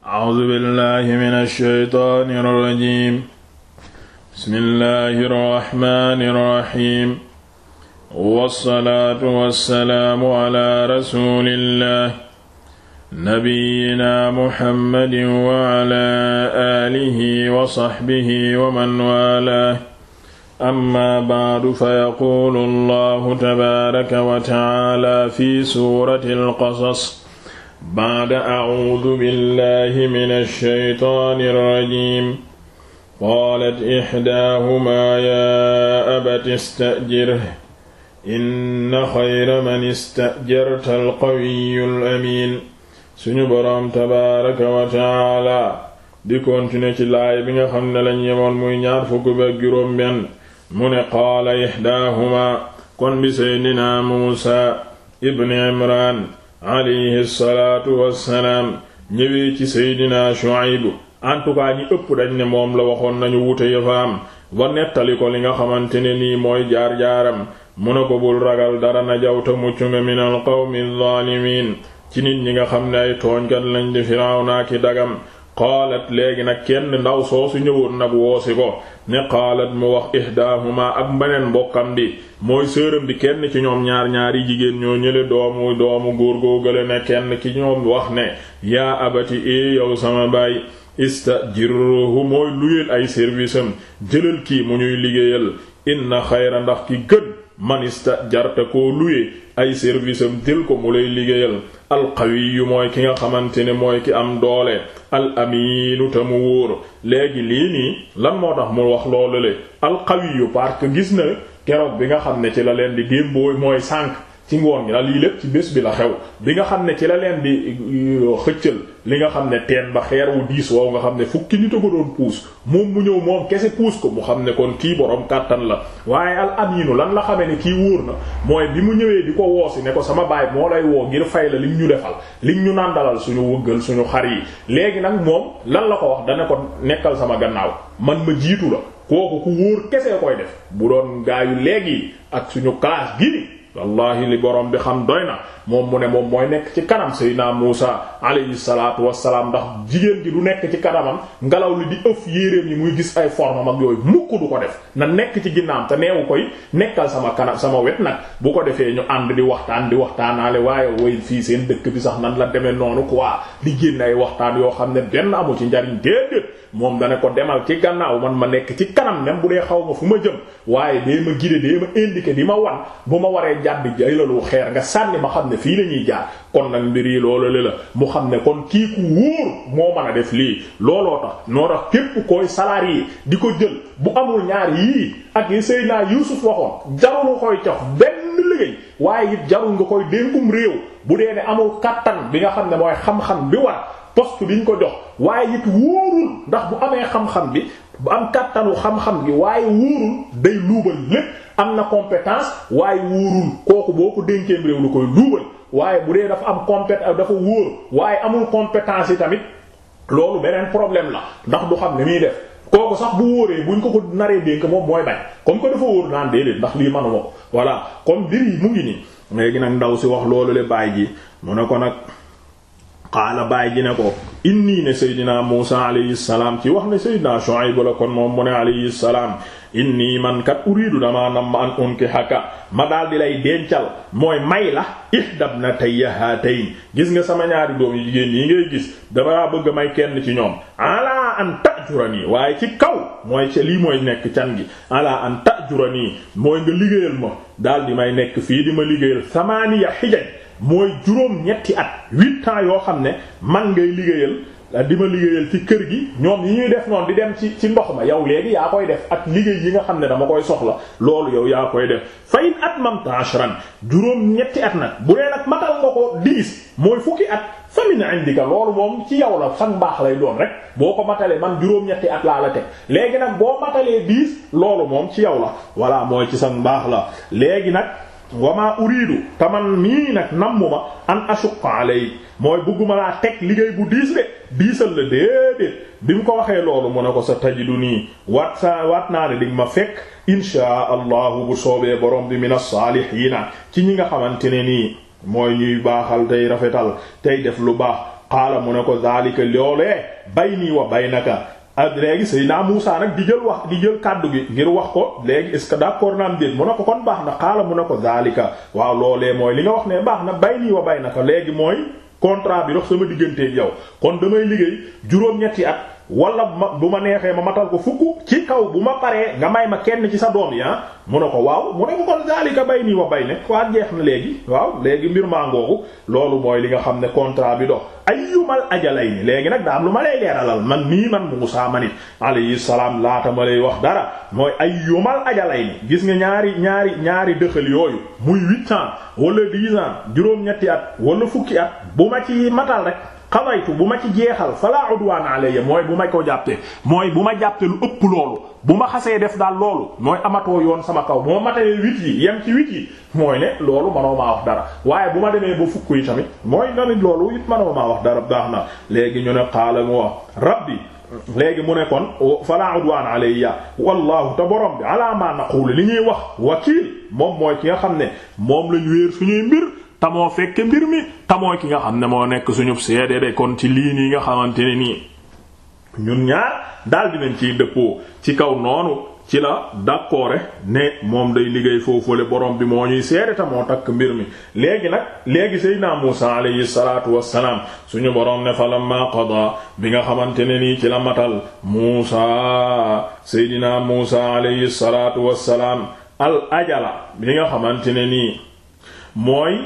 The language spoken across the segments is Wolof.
A'uuzu billaahi mina shaytaani rajiim bismillaahi rahmaani rahiim wassalaatu wassalaamu alaa rasuulillaahi nabiyyinaa Muhammadin wa alaa aalihi wa sahbihi wa man waalaahu amma ba'du fayaquulu Allaahu tabaaraka wa ta'aalaa fi suuratil qasas ba'da a'uudu billahi mina shaytaani rajiim qaalat ixdaahumaa yaa abati ista'jirhu inna xayra man ista'jarta alqawiyyu alamiin suñu boroom tabaaraka wa ta'aala di continuer ci laay bi nga xam ne lañ yemoon muy ñaar fukk ba juróom benn mu ne qaala ixdaahumaa kon bi seydinaa muusaa ibn imraan alayhi salaatu wassalaam ci seydinaa Shuayb en tout ñi ëpp dañ ne moom la waxoon nañu wute yëfaam ba nettali ko li nga xamante ne nii mooy jaar-jaaram mu ne ko bul ragal dara na jawta mucc nga min al qawmi zaalimiin ci nit ñi nga xam ne ay tooñkat lañ di Firawna ki dagam qaalat léegi nag kenn ndaw soosu ñëwoon nag woosi ko ne qaalat mu wax ihdaahuma ak mbeneen mbokkam bi mooy séeram bi kenn ci ñoom ñaar ñaari jigéen ñoo ñële doomu doomu góor góogale ne kenn ci ñoom wax ne yaa abati e yow sama baay istajirruhu mooy luyeel ay service am jëlal ki mu ñuy liggéeyal inna xayra ndax ki gën manista jarta ko luye ay service am jël ko mu lay liggéeyal yu mooy ki nga xamante ne mooy ki am doole al amiinu mu wóor léegi lii nii lan moo tax mu wax loolu le alqawiyu parce que gis na keroog bi nga xam ne ci la leen di démbooy mooy sànk ci ngoon gi la lii lépp ci bés bi la xew bi nga xam ne ci la leen di euh, xëccal li nga xam ne teen ba xeer wu diis wow nga xam ne fukki nit a ko doon puus moom mu ñëw moom kese puus ko mu xam ne kon kii borom kàttan la waaye al aminu lan la xamee ne kii wóor na mooy bi mu ñëwee di ko si ne ko sama baay moo lay woo ngir fay la liñ ñu defal liñ ñu nàndalal suñu wëggal suñu xar yi léegi nag moom lan la ko wax dana ko nekkal sama gannaaw man ma jiitu la kooku ku wóor kese koy léegi ak suñu classe gi wallahi li borom bi xam doy na moom mu ne moom mooy nekk ci kanam Seydina Muusa alayhi salaatu wassalaam ndax jigéen gi du nekk ci kanamam ngelaw li di ëf yéreem yi muy gis ay formam ak yooyu mukk du ko def na nekk ci ginnaam te neewu koy nekkal sama kanam sama wet nag bu ko defee ñu ànd di waxtaan di waxtaanaale waaye woy fii seen dëkk bi sax nan la demee noonu quoi di génn ay waxtaan yoo xam ne benn amu njariñ déedéet moom dana ko demal ci gannaaw man ma nekk ci kanam même bu dee xaw ma fu ma jëm waaye dee ma guider dee ma indiquer di ma wan bu ma waree jàdd jaylalu xeer nga sànni ma xam ne fii la ñuy jaar kon nag mbir yi loolu le la mu xam ne kon kii ku wóor moo mën a def lii looloo tax noo tax képp koy salarié di ko jël bu amul ñaar yii ak yi Seydina Yuusuf waxoon jarul koy jox benn liggéey waaye it jarul nga koy dénkum réew bu dee ne amul kattan bi nga xam ne mooy xam-xam bi war poste bi ñu ko jox waaye it wóorul ndax bu amee xam-xam bi bu am kattanu xam-xam gi waaye wóorul day luubal lépp am na compétence waaye wóorul kooku boo ko dénkeem réew lu koy luubal waaye bu dee dafa am compétence euh, dafa wóor waaye amul compétence yi tamit loolu beneen problème la ndax du xam ne muy def kooku sax bu wóoree bu buñ ko ko naree dénk moom mooy bañ comme que dafa wóor naan déedéet ndax lii manuma ko voilà comme mbir yi mu ngi nii léegi nag ndaw si wax loolu le bàyyi ji mu ne ko nag qaala baay ji ne ko inni ne seydinaa muusa alayhi salaam ci wax ne seydinaa Shuayb la kon moom mu ne alayhi salaam inni man kat uriidu damaa nam ma an unkihaka ma daal di lay dencal mooy may la ihdabnatayya haatayn gis nga sama ñaari doom yu jigéen yi ngay gis damaa bëgg may kenn ci ñoom ala an tajurani waaye ci kaw mooy ca lii mooy nekk can gi ala an tajurani mooy nga liggéeyal ma daal di may nekk fii di ma liggéeyal samaaniya mooy juróom ñetti at huit ans yoo xam ne man ngay liggéeyal euh, di ma liggéeyal ci kër gi ñoom yi ñuy def noonu di dem ci ci ndox ma yow léegi yaa koy def ak liggéey yi nga xam ne dama koy soxla loolu yow yaa koy def fayin at mamta ashran juróom ñetti at nag bu dee nag matal nga ko diis mooy fukki at famine indika loolu moom ci yow la sax baax lay doon rek boo ko matalee man juróom-ñetti at laa la teg léegi nag boo matalee diis loolu moom ci yow la voilà ci sax baax la nag wama uridu taman mii nag nammuma an ashuqa alay mooy bëgguma laa teg liggéey bu diis de diisal la déedéet bi mu ko waxee loolu mu ne ko sa tajidu nii waat sa waat naa ne di ma fekk inshaa allahu bu soobee borom bi min as-saalihiina ci ñi nga xamante ne nii mooy ñuy baaxal tey rafetal tey def lu baax xaala mu ne ko zaalika loolee bayni wa baynaka ak ah, léegi Seydina Muusa nag di jël wax di jël kàddu gi ngir wax ko léegi est-ce que d'accord naam déet mu ne ko kon baax na xaala mu na ko zaalika waaw loolee mooy li nga wax ne baax na bay nii wa bay na ko léegi mooy contrat bi dox sama digganteeg yow kon damay liggéey juróom-ñetti at wala ma bu ma neexee ma matal ko fukk ci kaw bu ma paree nga may ma kenn ci sa doom yi ah mu ne ko waaw mu ne ko kon zalika bay nii wa bay ne waa jeex na léegi waaw léegi mbir maa ngoogu loolu mooy li nga xam ne contrat bi dox ayyumal ajalay ni léegi nag daa am lu ma lay leeralal man nii man mu Muusaa manit alayhi salaam laata ma lay wax dara mooy ayyumal ajalay ni gis nga ñaari ñaari ñaari dëxal yooyu muy huit walla wala dix juróom-ñetti at wala fukki at bu ma ci matal rek xadaytu bu ma ci jeexal fala udwaan alayya mooy bu ma ko jàppee mooy bu ma jàppee lu ëpp loolu bu ma xasee def daal loolu mooy amatoo yoon sama kaw moo matalee huit yi yem ci huit yi mooy ne loolu manoo maa wax dara waaye bu ma demee ba fukk yi tamit mooy tamit loolu it manoo wax dara baax na léegi ñu ne qaala mu wax rabbi léegi mu ne kon fala udwaan alayya wallahu te borom bi ala ma naqulu li ñuy wax wakiil moom mooy ki nga xam ne moom lañ wéer suñuy mbir tamoo fekke mbir mi tamoo ki nga xam ne moo nekk suñu seede de kon ci lii nii nga xamante ne nii ñun ñaar daal dinañ ciy dëppoo ci kaw noonu ci la d'accord ne moom day liggéey foofule borom bi moo ñuy seede ta takk mbir mi léegi nag léegi seydina Muusa alayhi salaatu wassalaam suñu borom ne falamma qada bi nga xamante ne nii ci la matal Muusa seydina Muusa alayhi salaatu wassalaam ajala bi nga xamante ne nii Euh, mooy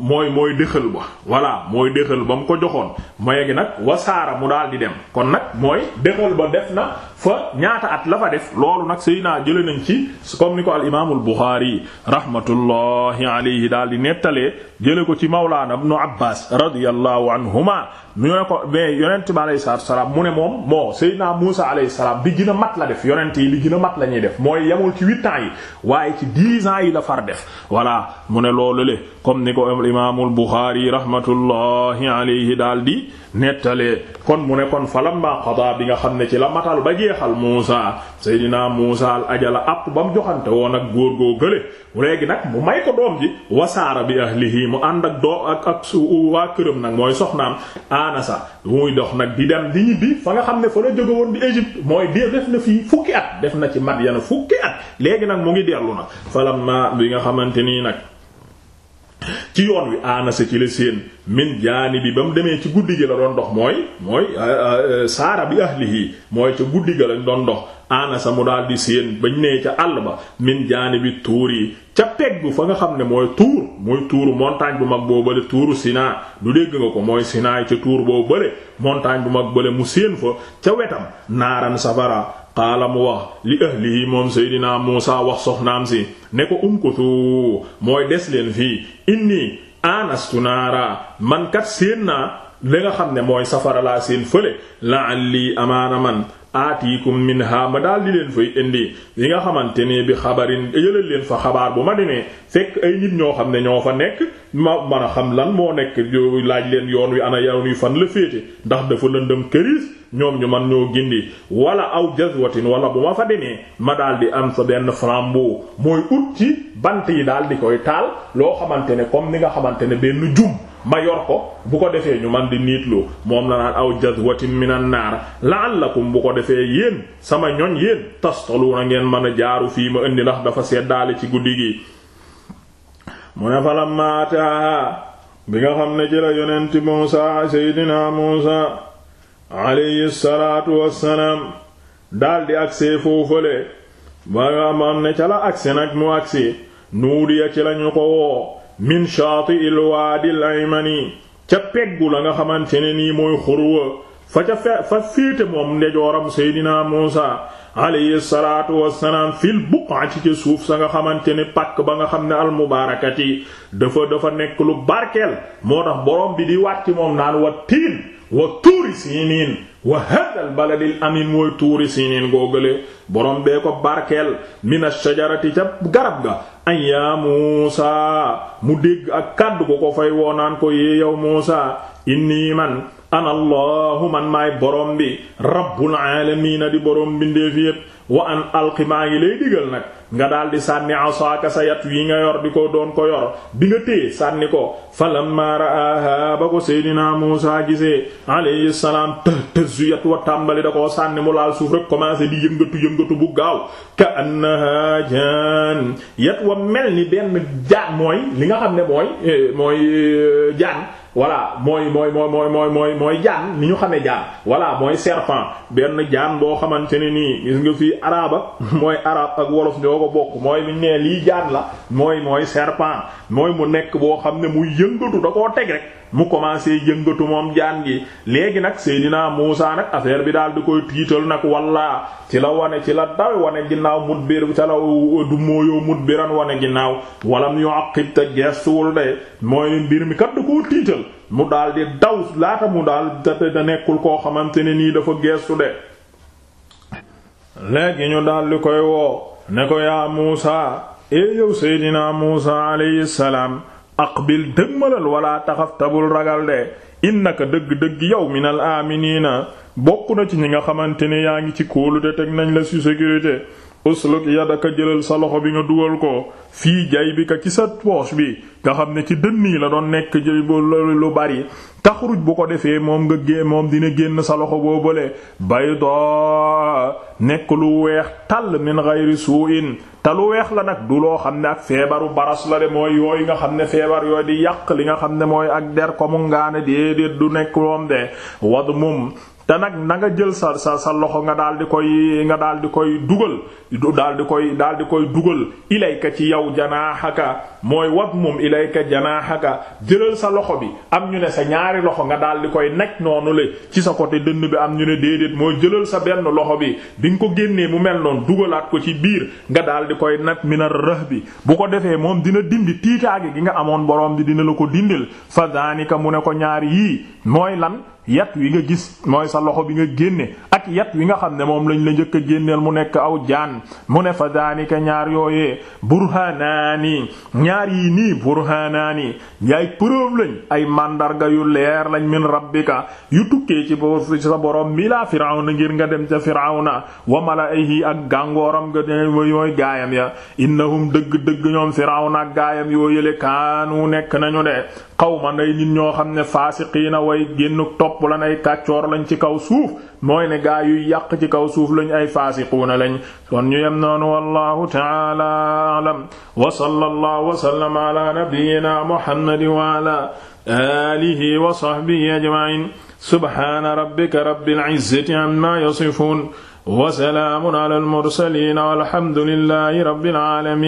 mooy mooy dëxal ba voilà mooy dëxal ba mu ko joxoon mooy gi nag wasaara mu daal di dem kon nag mooy dëxal ba def na fa ñaata at la fa def loolu nag sëy naa jële nañ ci comme ni ko al imaamul Buxaari rahmatullahi alayhi daal di nettalee jële ko ci mawlaana ibnu Abbaas radiyallahu anhuma mu ne ko mais yonent bi alayhi salaatu salaam mu ne moom moo sëy naa Muusa alayhi salaam bi gën a mat la def yonent yi li gën a mat la ñuy def mooy yemul ci huit ans yi waaye ci dix ans yi la far def voilà mu ne loolu le comme ni ko imaamul Buxaari rahmatullahi alayhi daal di nettalee kon mu ne kon falamma qada bi nga xam ne ci la matal ba jeexal Muusa Seydina Muusa al ajala àpp ba mu joxante woon ak góor goo gële léegi nag mu may ko doom ji wasaara bi ahlihi mu ànd ak doo ak ak su waa këram nag mooy soxnaam anasa muy dox nag di dem di ñibbi fa nga xam ne fa la jóge woon di Égypte mooy dee def na fii fukki at def na ci yana fukki at léegi nag mu ngi dellu nag falamma bi nga xamante nii nag ci yoon wi aanasa ci la séen min jaani bi ba mu demee ci guddi gi la doon ndox mooy mooy euh, euh, saara bi ahlihi mooy ca guddi ga lañ doon dox aanasa mu daal di séen bañ nee ca àll ba min jaani bi tuur yi ca peggu fa nga xam ne mooy tuur mooy tuuru montagne bu mag boo bële tuuru Sinaa du dégg nga ko mooy Sinaa yi ca tuur boo bële montagne bu mag bële mu séen fa ca wetam naaran safara qaala mu wax li ahlihi moom seydinaa muusa wax soxnaam si ne ko umkutu mooy des leen fii inni anastu naara man kat séen naa li nga xam ne mooy safara laa seen fële la'alli amaana man aatiikum minha ma daal di leen fay indi yi nga xamante ne bi xabarin yëlal leen fa xabaar bu ma demee fekk ay nit ñoo xam ne ñoo fa nekk ma mën a xam lan moo nekk yow laaj leen yoon wi ana yoon wi fan la féete ndax dafa lëndëm këriis ñoom ñu man ñoo gindi wala aw jazwatin wala bu ma fa demee ma daal am sa benn flambeau mooy ut ci bant yi daal di koy taal loo xamante ne comme ni nga xamante ne benn jum ma yor ko bu ko defee ñu man di niitloo moom la naan aw jazwatin minan naar la'allakum bu ko defee yéen sama ñoñ yéen tastaluuna ngeen mën a jaaru fii ma indi ndax dafa seddaale ci guddi gi mu ne falam maata bi nga xam ne ci la yonenti muusa seydinaa muusa alayhi salaatu wassalaam daldi agsee foofale ba nga am ne ca la agsi nag mu agsi nuudiya ci lañu ko woo min shaati il aymani ca peggu la nga xamante ne nii mooy xurwa fa ca fe fa féete moom ndejooram seydinaa muusa alayhi salaatu wassalaam fil buq'a ca suuf sa nga xamante ne pàkk ba nga xam ne almubaarakati dafa dafa nekk lu barkeel moo tax borom bi di wàcc moom naan wa tiin wa tuuri siiniin wa hadal baladil amin mooy tuuri siniin googale borom bee ko barkeel mina shajarati ca garab ga ay yaa muusa mu dégg ak kàddu ko ko fay woonaan ko yee yow muusa inni man ana allahu man maay borom bi rabbul aalamiina di borom bindéef yépp waa an alqi ngi lay digal nag nga daal di sànni asaaka sa yat yi nga yor di ko doon ko yor di nga téye sànni ko falamma ra'aha ba ko seydinaa Muusaa gisee alayhi salaam të tëzuyat wa tàmbali da koo sànni mu laal suuf rek commencé di yëngatu yëngatu bu gaaw ka annaha jaan yat wa mel ni benn jaan mooy li nga xam ne mooy eh, mooy eh, jaan voilà mooy mooy mooy mooy mooy mooy mooy jaan ni ñu xamee jaan voilà mooy serpent benn jaan boo xamante ne nii gis nga fii araba mooy arab ak wolof ñoo ko bokk mooy liñ nee lii jaan la mooy mooy serpent mooy mu nekk boo xam ne mu yëngatu da koo teg rek mu commencé yëngatu moom jaan gi léegi nag Seydina Muusa nag affaire bi daal di koy tiital nag walla ci la wane ci la dawe wane ginnaaw mudbir ca la du mooyoo mudbiran wane ginnaaw walam yu'aqib te gestuwul de mooy mbir mi kat da koo tiital mu daal daw laata mu daal nekkul koo xamante ne nii dafa gestu de léegi ñu daal koy woo ne ko yaa Muusa e yow Seydina Muusa alayhi aqbil dëgmalal wala taxaf tabul ragal de innaka dëgg-dëgg yow minal aminiina bokk na ci ñi nga xamante ni yaa ngi ci kóolute teg nañ la su sécurité usluk yadaka jëlal sa loxo bi nga dugal ko fii jay bi ka ci sa poos bi nga xam ne ci dënn yi la doon nekk lu bari tax taxruj bu ko defee moom nga gé moom dina génn sa loxo bay bayda nekk lu weex tàll min ghayri su'in te lu weex la nag du loo xam ne ak feebaru baras la de mooy yooyu nga xam ne feebar yooyu di yàq li nga xam ne mooy ak der ko mu ngaane déedéet du nekk moom de wad mum te nag na nga jël sa sa sa loxo nga daal di koy nga daal di koy dugal daal di koy daal di koy dugal ilayka ci yow janaaxaka mooy wag moom ilayka janaaxaka jëlal sa loxo bi am ñu ne sa ñaari loxo nga daal di koy naj noonu le ci sa côté dënn bi am ñu ne déedéet mooy jëlal sa benn loxo bi bi nga ko génnee mu mel noonu dugalaat ko ci biir nga daal di koy naj mina rëh bi bu ko defee moom dina dindi tiitaage gi nga amoon borom bi dina la ko dindil fa danika mu ne ko ñaari yii mooy lan yat wi nga gis mooy sa loxo bi nga génne ak yat wi nga xam ne moom lañu la jëkk a génneel mu nekk aw jaan mu ne fa daanika ñaar yooyee burhanaani ñaar yi nii burhanaani yaay preuve lañ ay màndarga yu leer lañ min rabbika yu tukkee ci bo ci sa borom mi laa firawna ngir nga dem ca firawna wa malaihi ak gàngooram nga mooy gaayam ya innahum dëgg-dëgg ñoom firawna ak gaayam yoo yële kaanu nekk nañu de xawma nday nit ñoo xam ne faasiqiina way génn topp la ay kàccoor lañ ci kaw suuf mooy ne gaa yuy yàq ci kaw suuf lañ ay faasiquuna lañ kon ñu yem noonu wallahu ta'ala a'lam wa sallallahu wa sallama ala nabiyyina muhammadin wa ala alihi wa sahbihi ajma'in subhana rabbika rabbil izzati amma yasifun wa salaamun ala al mursalin walhamdulillahi rabbil alamin